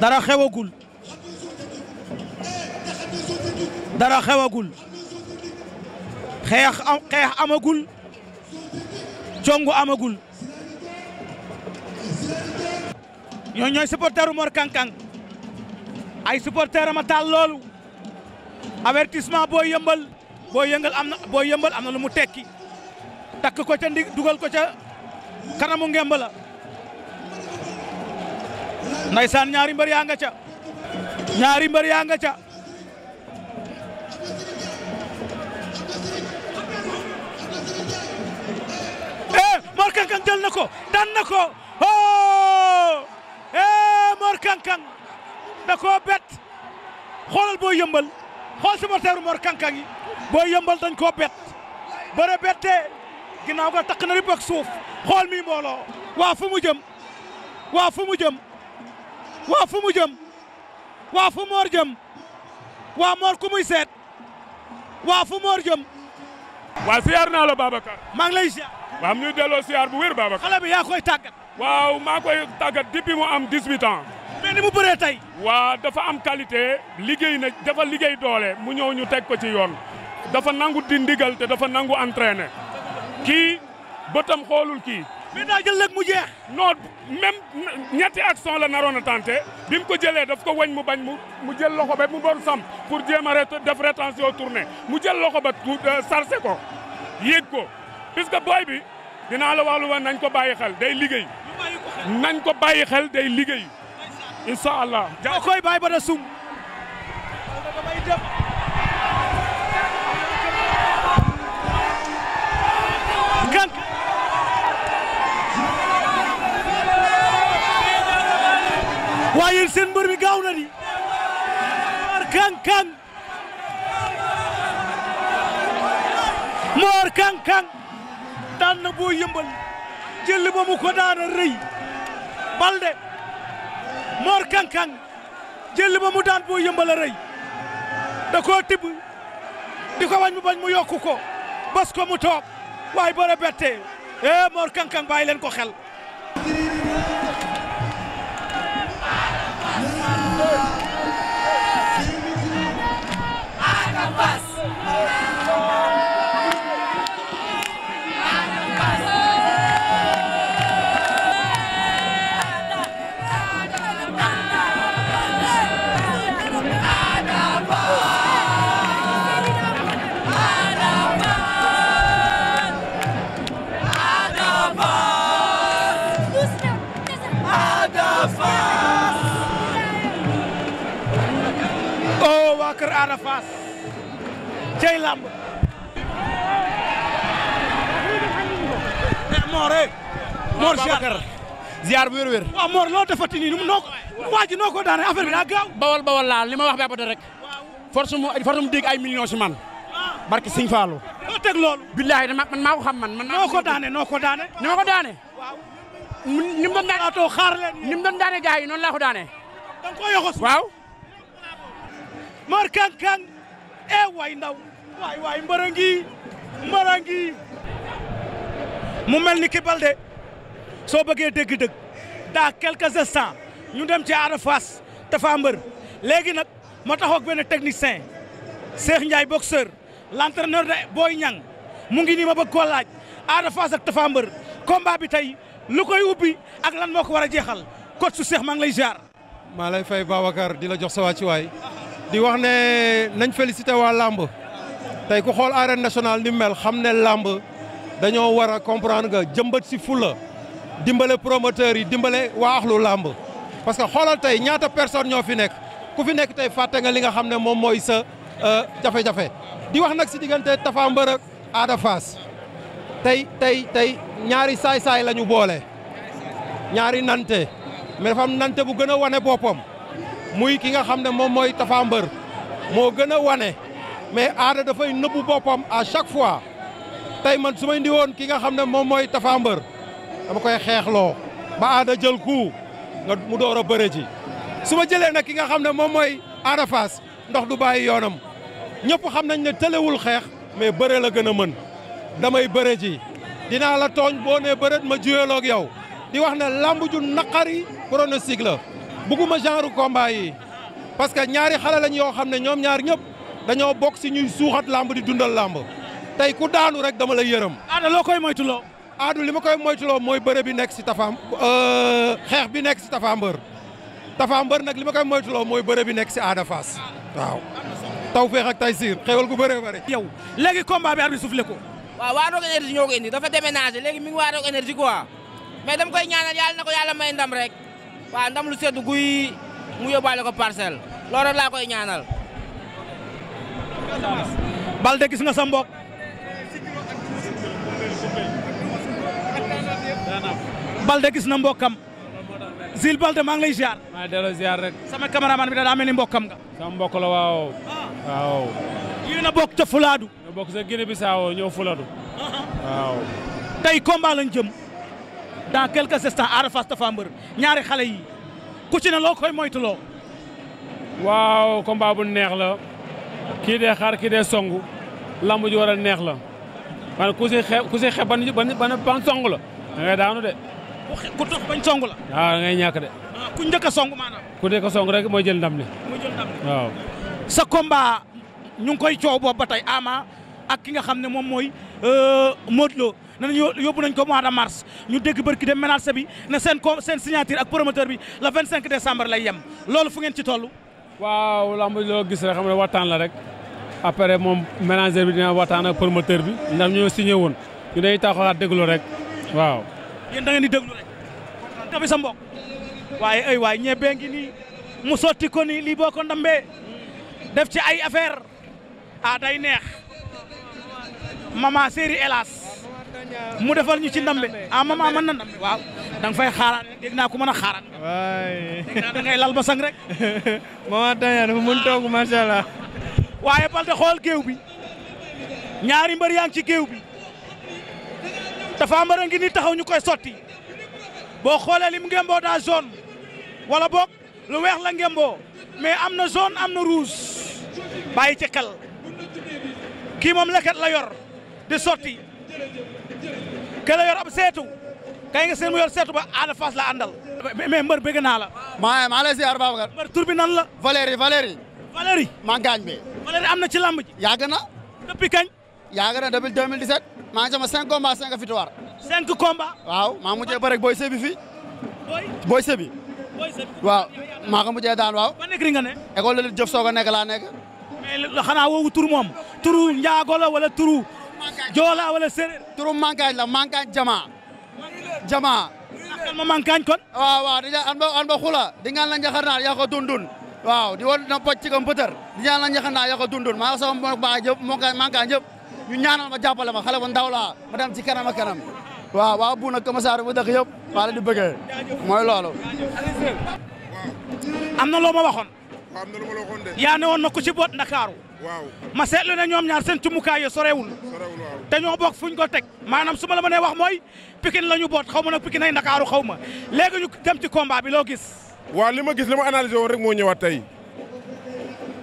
dara xewagul dara xewagul xeex am xeex amagul. congu amagul ñoo ñooy supporteru Mor ay supporter taal loolu avertissement boo yëmbal boo yëngal am na boo yëmbal am na lu mu tekki takk ko ca dugal ko ca kanamu ngemb la ndaysaan ñaari mbër yaa nga ca ñaari mbër yaa nga ca eh Mor Kang Kang jël na ko daan na ko oh eh Mor Kang Kang da koo bett boo yëmbal xool supporteru Mor Kang Kang yi boo yëmbal dañ koo bett bëre bettee ginnaaw nga takk na rib ak suuf xool mi mbooloo waa fu mu jëm waa fu mu jëm waa fu mu jëm waa fu moor jëm waa moor ku muy seet waa fu moor jëm waa siyaar naa la Babacar maa ngi lay waaw ñuy delloo siyaar bu wér Babacar. xale bi yaa koy tàggat. waaw maa koy tàggat depuis mu am 18 ans. mais ni mu bëree tey. waa dafa am qualité. liggéey na dafa liggéey doole mu ñëw ñu teg ko ci yoon. dafa nangu di te dafa nangu entraîné. kii bëtam xoolul kii. mais daa jël nag mu jeex. non même ñetti son la naroon a tenté. bi mu ko jëlee daf ko wañ mu bañ mu mu jël loxo ba mu bon sam pour jéem a wo rétention ne mu jël loxo ba euh, sarse ko yéeg ko. puisque booy bi dinaa la wax lu nañ ko bàyyi xel day liggéey. nañ ko bàyyi xel day liggéey. incha allah. jaajëf koy ba da sum. waaye moor kankang moor daana boo yëmbal jël ba mu ko daana rëy balde moor kankang jël ba mu daan boo yëmbal a rëy da koo di ko wañ mu bañ mu yokku ko bas ko mu toog waaye bara bettee eh moor kankang bàyyi leen ko xel cey làmb eh, Mor eh. Mor Ziar ziar bu wér-wér. waaw Mor loo defati nii noo bi daa gaaw. bawal bawal laa li ma wax bi abata rek force mu mu dégg ay millions si man ah. barke Sëñ Fallou. loo teg loolu. xam man. man noo daane noo daane. ni ma ko daane. ni mu ko daane. waaw. Mor Kang Kang eh way ndaw. waay waay mbëra ngi mbëra ngi mu mel ni ki Baldé soo bëggee dégg-dëgg daa quelques instants ñu dem ci Ada Fass Tapha Mbeur léegi nag moo taxaw ak benn technicien Cheikh Ndiaye boxeur l'entraîneur de booy Niang mu ngi nii ma bëgg koo laaj Ada Fass ak Tapha Mbeur combat bi tey lu koy ubbi ak lan moo ko war a jeexal coach su Cheikh maa ngi lay ziar. maa lay fay Babacar di la jox sawaa sa waay di wax ne nañ félicité waa làmb tey ku xool arène nationale ni mel xam ne làmb dañoo war a comprendre nga jëmbat si fula dimbale promoteur yi dimbale waaxlu làmb parce que xoolal tey ñaata personne ñoo fi nekk ku fi nekk tey fàtte nga li nga xam ne moom mooy sa euh, jafe-jafe di wax nag si diggante Tapha Mbeur ak tey tey tey ñaari saay-saay la ñu boole ñaari nante mais dafa am nante bu gën a wane boppam muy ki nga xam ne moom mooy Tapha Mbeur moo gën a wane mais aada dafay nëbbu boppam à chaque fois tey man su ma indi woon ki nga xam ne moom mooy Tapha Mbeur dama koy xeexloo ba aada jël ku nga mu door a bëre ji su ma jëlee nag ki nga xam ne moom mooy Ada Fass ndox du bàyyi yoonam ñëpp xam nañ ne tëlewul xeex mais bëre la gën a mën damay bëre ji dinaa la tooñ boo nee bëreet ma juyeloo yow di wax ne lamb ju naqari pronostic la bugguma genre combat yi parce que ñaari xale lañ yoo xam ne ñoom ñaar ñëpp. dañoo bokk si ñuy suuxat làmb di dundal làmb tey ku daanu rek dama la yërëm. aada loo koy moytuloo. aadu li ma koy moytuloo mooy bëre bi nekk si tafaam euh, xeex bi nekk si tafaambër tafaambër nag li ma koy moytuloo mooy bëre bi nekk si aada faas waaw. tawfeex ak taysiir xéwal gu bëree bëri. yow léegi combat bi arbitre soufflé ko. waaw waa Rock Énergie ñoo ko indi dafa déménagé léegi mi ngi waa Rock Énergie quoi mais dama koy ñaanal yàlla na ko yàlla may ndam rek waaw ndam lu sedd guy mu yóbbaale ko parcelle loolu rek laa Baldé gis nga sa mbokk Baldé gis na mbokkam Jules Baldé maa ngi lay ziar. maa ngi delloo ziar rek. sama cameraman bi da daa mel ni mbokkam nga. sama mbokk la waaw. waaw. yéen a bokk ca Fulaadu. ñoo bokk sa Guinée Bissau ñëw Fulaadu. waaw. tey combat lañ jëm dans quelques instants Ada Fass Tapha Mbeur ñaari xale yi ku ci ne loo koy moytuloo. waaw combat neex la. kii de xaar kii dee songu lamb ji war a neex la man ku si xeeb ku si xeeb ban ban ban song la da daanu de. ku tax bañ song la. waaw ah, ah, ku njëkk songu song ku njëkk a song rek mooy jël ndam li. waaw. sa combat ñu ngi koy coow boobu ba tey Ama ak ki nga xam ne moom mooy euh, Modou Lo nan yóbbu nañ ko mois de mars ñu dégg barki dem menace bi ne seen ko seen signature ak promoteur bi le 25 décembre la yem loolu fu ngeen ci tollu waaw lamb loo gis rek xam ne waxtaan la rek après moom manager bi dina waxtaan ak promoteur bi ndax ñoo signé woon ñu day taxawaat déglu rek waaw. yéen da ngeen di déglu sa mbokk waaye ay waay ñebe ngi nii mu sotti ko ni lii boo ko ndambee def ci ay affaire ah day neex mama séeri hélas mu defal ñu ci ndambe ah mama mën na ndambe da nga fay xaaraat rek dégg naa ku mën a xaaraat. waay lal ba rek. Mama Tania dafa mën toog macha allah. waaye Baldé xool géew bi ñaari mbër yaa ngi ci géew bi dafa mbër ngi ni taxaw ñu koy sotti boo xoolee lim ngemboo daa zone wala boog lu weex la ngemboo mais am na zone am na rouge bàyyi ci xel kii moom leket la yor di sotti ke la yor ab seetu. kay nga seen mu yor seetu ba Ada la àndal. mais mbër bëgg la. maa maa lay ziar Babacar. tur bi nan la. Valérie Valérie. Valérie. maa am na ci lamb ji. yàgg na. depuis kañ. yàgg na depuis 2017. maa ngi sama 5 combats 5 victoires. 5 waaw maa mujjee ba Boy Sébi fii. Boy Boy waaw maa ko mujjee daan waaw. ba nekk ri nga ne. laa nekk. mais xanaa woowu tur moom. turu Njaago la turu. Joola wala Séeréer. turu Mankaañ la Mankaañ Jama. jamaa ma mankañ kon waaw waaw dija an ba an ba xula di ngal la njaxarna ya ko dundun waaw di won na pocc ko pëtër di ngal la njaxarna ya ko dundun maa sama mo ba jëpp mo ka mankañ jëpp ñu ma jàppale ma xale bu ndaw ma dem ci kanam ak kanam waaw waaw bu na commissaire bu dëkk yëpp maa la di bëggee mooy loolu am na loo ma waxoon am na lu ma la waxoon de yaa woon ma ko ci boot Ndakaaru waaw ma seetlu ne ñoom ñaar seen cumukaay yo sorewul sorewul waaw te ñoo fu ñu ko teg maanaam su ma la mënee wax mooy Pikine la ñu boot xaw ma nag Pikine ay Ndakaaru xaw ma léegi ñu dem ci combat bi loo gis waaw li ma gis li ma analysé woon rek moo ñëwaat tey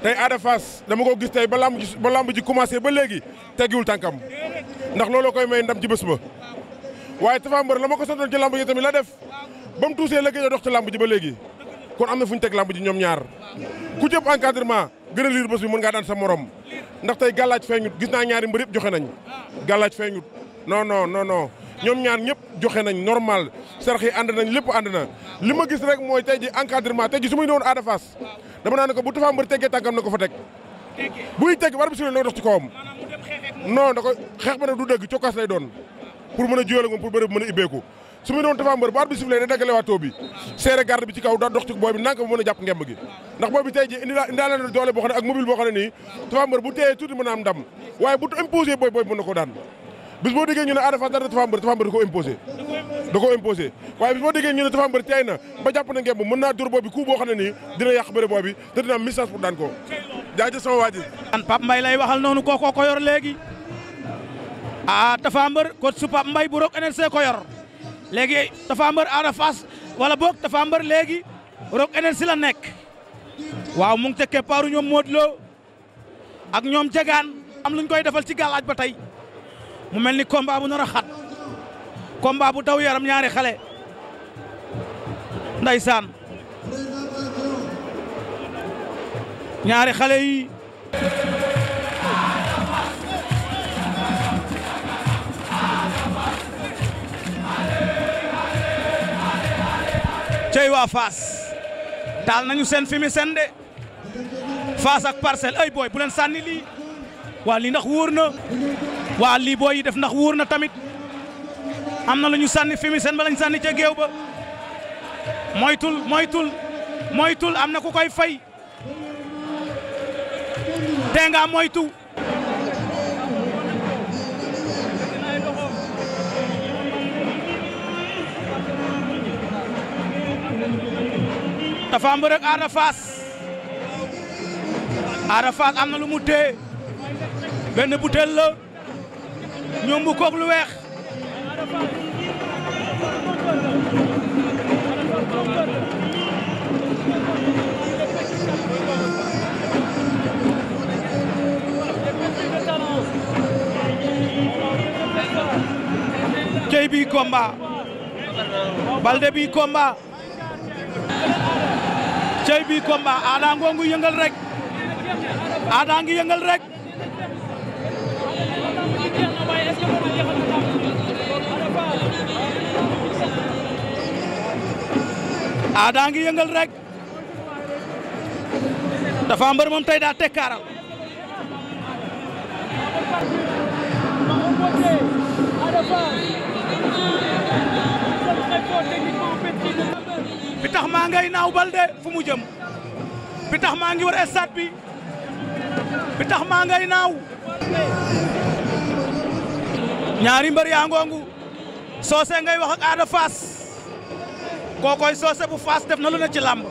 tey Ada Fass dama koo gis tey ba lamb ji ba lamb ji commencé ba léegi teggiwul tànkam ndax looloo koy may ndam ci bés ba waaye Tapha Mbeur la ma ko santoon ci lamb ji tamit la def ba mu tuusee la gëj dox ci lamb ji ba léegi kon am na fu ñu teg lamb ñaar ku jëpp encadrement gën a liir bés bi mën ngaa daan sa morom ndax tey gàllaaj feeñut gis naa ñaari mbër yëpp joxe nañ gàllaaj feeñut non non non non ñoom ñaar ñëpp joxe nañ normal sarax yi ànd nañ lépp ànd na li ma gis rek mooy tey ji encadrement tey ji su ma doon Ada Fass dama naa ne ko bu Tapha Mbeur teggee tànkam na ko fa teg buy teg war bi sule na dox ci kawam non da ko xeex ba ne du dëgg cokkaas lay doon pour mën a jiyal moom pour bëri mën a ibbeeku su mu doon Tapha Mbeur bu arbitre bi sifflé day daggale waatoo bi serré garde bi ci kaw daa dox ci booy bi nank ba mën a jàpp ngemb gi ndax booy bi tey ji indaale na doole boo xam ne ak mobile boo xam ne nii Tapha bu téyee tuuti mën na ndam waaye bu imposé booy booy ko daan bis boo déggee ñu ne Ada Fass dara Tapha Mbeur Tapha Mbeur da koo imposé da koo imposé waaye bis boo déggee ñu ne Tapha tey na ba jàpp na ngemb mën naa dóor booy bi boo xam nii dina ko jaajëf sama waa ji ko yor léegi Tapha Mbeur Ada wala boog Tapha Mbeur léegi Rock Énergie la nekk waaw mu ngi te keppaaru ñoom Modou Lo ak ñoom jegaan am luñ koy defal ci gàllaaj ba tey mu mel ni combat bu nar a xat combat bu daw yaram ñaari xale ndeysaan ñaari xale yi cey waa Fass taal nañu seen fi mi seen de Fass ak Parcelles ay booy bu leen sànni lii waa lii ndax wóor na waa lii booy yi def ndax wóor na tamit am na lu ñu sànni fi mi ba lañ sànni ca géew ba moytul moytul moytul am na ku koy fay te nga moytu Tapha Mbeur ak Ada Fass am na lu mu téye benn butel la ñoom bu lu weex bii bi combat Balde bi combat cey bi combat Ada rek Ada ngi yëngal rek Ada ngi yëngal rek dafa mbër moom tey daa tekkaaral tax maa ngay naaw Balde fu mu jëm pitax maa ngi war stade bi bi maa ngay naaw ñaari mbër yaa ngongu soose ngay wax ak Ada Fass kookoy soose bu Fass def na lu ne ci làmb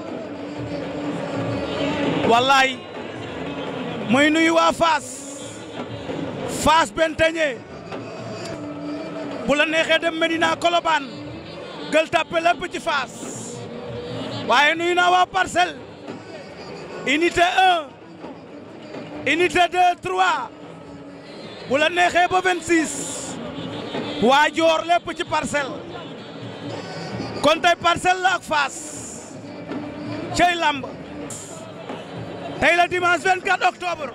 wallaay muy nuyu waa Fass Fass Benteñe bu la neexee dem Medina Colobane gël tàppe lépp ci Fass waaye nuyu naa waa parcelle unité 1 unité 2 3 bu la neexee ba 26 waa Dior lépp ci parcelle kon tey parcelle la ak Fass cey lamb tey la dimanche 24 octobre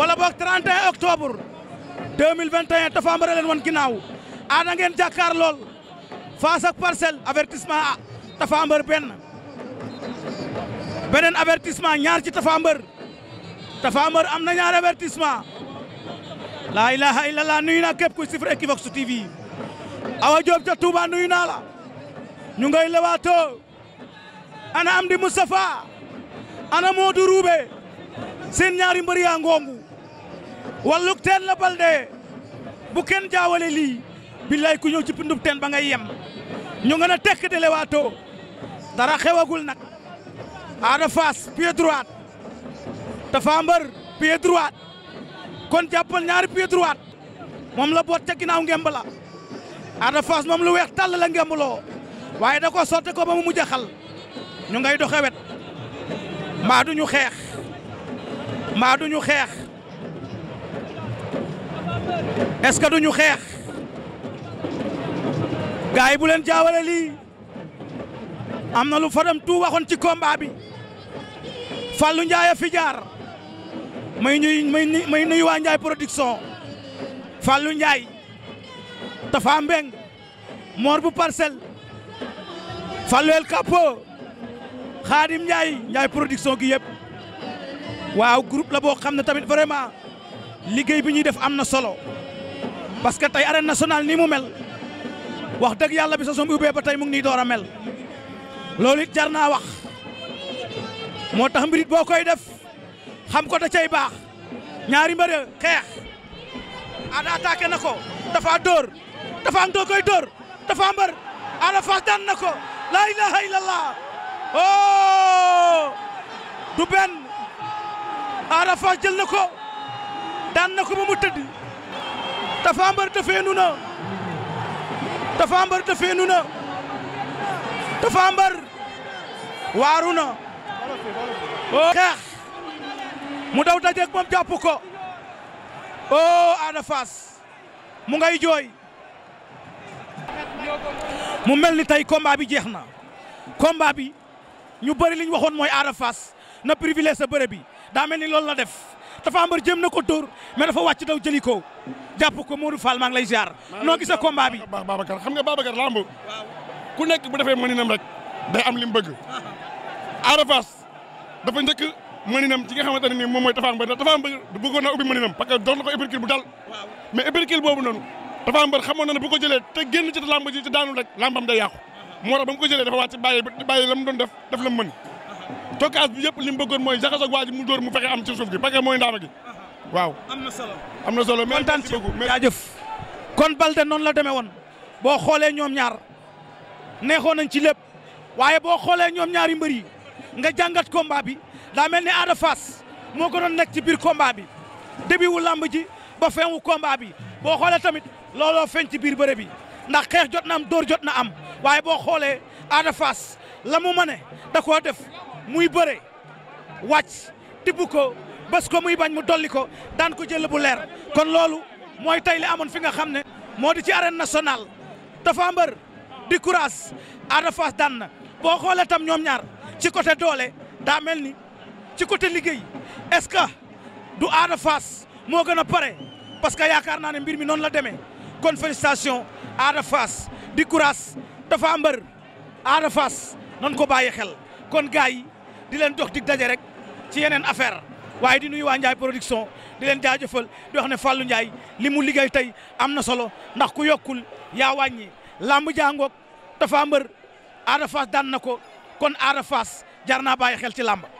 wala boog 31 octobre 2021 Tapha Mbeur leen wan ginnaaw ana ngeen jàkkaar lool Fass ak parcelle avertissement Tapha Mbeur benn beneen avertissement ñaar ci Tapha Mbeur Tapha Mbeur am na ñaar avertissement laa ilaha illallah nuyu naa képp kuy sifre Equivox TV Awa Diop ca Touba nuyu naa la ñu ngay lewaatoo ana am di Moustapha ana Modou Roubé seen ñaari mbër yaa ngongu walluk teen la balde bu kenn jaawale lii billaay ku ñëw ci pindub teen ba ngay yem ñu ngën a tekk di lewaatoo dara xewagul nag Ada Fass pied droite Tapha Mbeur kon jàppal ñaari pied moom la boot ca ginnaaw ngemb la Ada moom lu weex tàll la ngemb loo waaye da ko sotte ko ba mu mujj xal ñu ngay doxe wet mbaa du ñu xeex mbaa du ñu xeex est-ce que du ñu xeex gaay bu leen jaawale lii am na lu Fadam tu waxoon ci combat bi Fallou Ndiaye fi jaar may ñuy may nuyu njaay Ndiaye production Fallou njaay Tafa Mbeng Mor bu Parcelles Fallou El Capo Xaadim Ndiaye Ndiaye production gi yëpp waaw groupe la boo xam ne tamit vraiment liggéey bi ñuy def am na solo parce que tey arène nationale ni mu mel wax dëgg yàlla bi sa som ba tey mu ngi nii door a jar naa wax moo tax mbirit boo koy def xam ko da cay baax ñaari mbër xeex Ada attaqué ko dafa dóor dafa ndoo koy dóor dafa mbër Ada Fass daan ko laa oh! ko ba mu tëdd dafa mbër dafeenu Tapha Mbeur na Tapha waaru na xeex mu daw dajeeg moom jàpp ko oh Ada Fass mu ngay jooy mu mel ni tey combat bi jeex na combat bi ñu bëri li ñu waxoon mooy Ada Fass na privilège sa bëre bi daa mel ni loolu la def Tapha Mbeur jëm na ko dóor mais dafa wàcc daw jëli ko jàpp ko Modou Fall maa ngi lay ziar. noo gisee combat bi baax Babacar xam nga Babacar lamb ku nekk bu defee mëninam rek day am li mu bëgg. Arafas dafa njëkk mëninam ci nga xamante ne nii moom mooy Tapha Mbeur Tapha Mbeur ubbi mëninam parce que ko uppercut bu dal. mais uppercut boobu noonu Tapha Mbeur xamoon na ne bu te génn ci lamb ji ci daanu rek lambam day yàqu. Uh-huh. moo tax ba mu dafa wàcc tokkaas bi yëpp li mu bëggoon mooy jaxas ak waa ji mu dóor mu fexe am ci suuf gi parce que mooy ndaama gi waaw. am na solo am na solo kontaan ci jaajëf kon Balde noonu la demee woon boo xoolee ñoom ñaar neexoon nañ ci lépp waaye boo xoolee ñoom ñaari mbër yi nga jàngat combat bi daa mel ni Ada Fass moo ko doon nekk ci biir combat bi début wu làmb ji ba fin wu combat bi boo xoolee tamit looloo feeñ ci biir bëre bi ndax xeex jot na am dóor jot na am waaye boo xoolee Ada Fass la mu mane da koo def. muy bëre wàcc tibb ko bés ko muy bañ mu dolli ko daan ko jël bu leer kon loolu mooy tey li amoon fi nga xam ne moo di ci arène nationale dafa mbër di courage Ada Fass daan na boo xoolee tam ñoom ñaar ci côté doole daa mel ni ci côté liggéey est-ce que du Ada moo gën a pare parce que yaakaar naa ne mbir mi noonu la demee kon félicitation Ada Fass di courage dafa mbër Ada Fass nan ko bàyyi xel kon gars yi di leen jox dig daje rek ci yeneen affaire waaye di nuyu waa Ndiaye production di leen jaajëfal di wax ne Fallou Ndiaye li mu liggéey tey am na solo ndax ku yokkul yaa wàññi làmb jàngoog dafa mbër Ada dan na ko kon Ada Fass jar naa bàyyi xel ci làmb